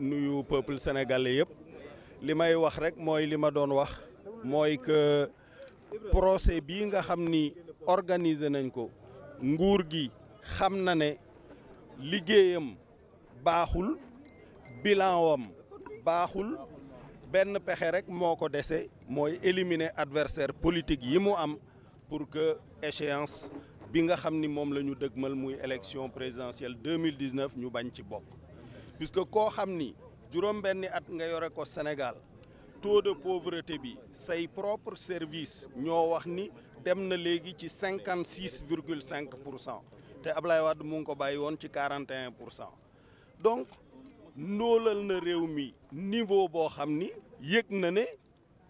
le peuple sénégalais les li may wax rek li ma don wax que procès bii nga xam organisé, organiser nañ ko nguur gi xam bilan wam éliminer adversaire politique am pour que échéance bi nga xam ni moom la ñu dëgmal muy élection présidentielle 2019 ñu bañ ci bokk puisque koo xam ni juróom at nga yore ko Sénégal taux de pauvreté bi say propre service ñoo wax ni dem na léegi ci 56,5 pour cent te Ablaye Wade mu ngi ko bàyyi woon ci 41 pour cent donc ndoolal na réew mi niveau boo xam ni yëg na ne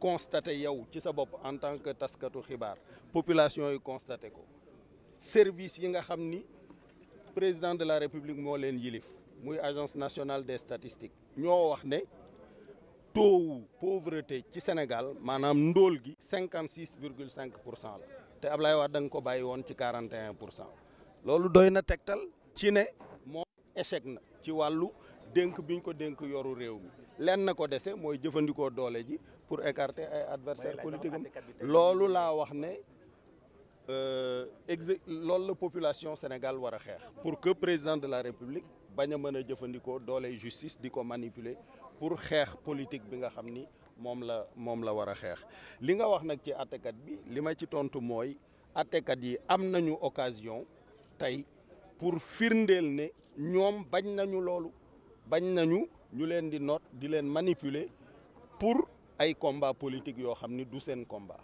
constaté en tant que taskatu la population yi constaté ko service yi président de la république mo yilif agence nationale des statistiques ño wax né taux pauvreté ci Sénégal manam ndol gi 56,5% té Ablaye ko échec denk biñ ko denk yoru réew mi lenn na ko dese mooy jëfandikoo doole ji pour écarter ay adversaire politique loolu laa wax ne euh, loolu la population Sénégal war a xeex pour que président de la République bañ a mën a jëfandikoo doole justice di ko manipuler pour xeex politique bi nga xam ni moom la moom la war a xeex li nga wax nag ci àttekat bi li ma ci tontu mooy àttekat yi am nañu occasion tey pour firndeel ne ñoom bañ nañu loolu bañ nañu ñu leen di note di leen manipuler pour ay combat politique yoo xam ni du seen combat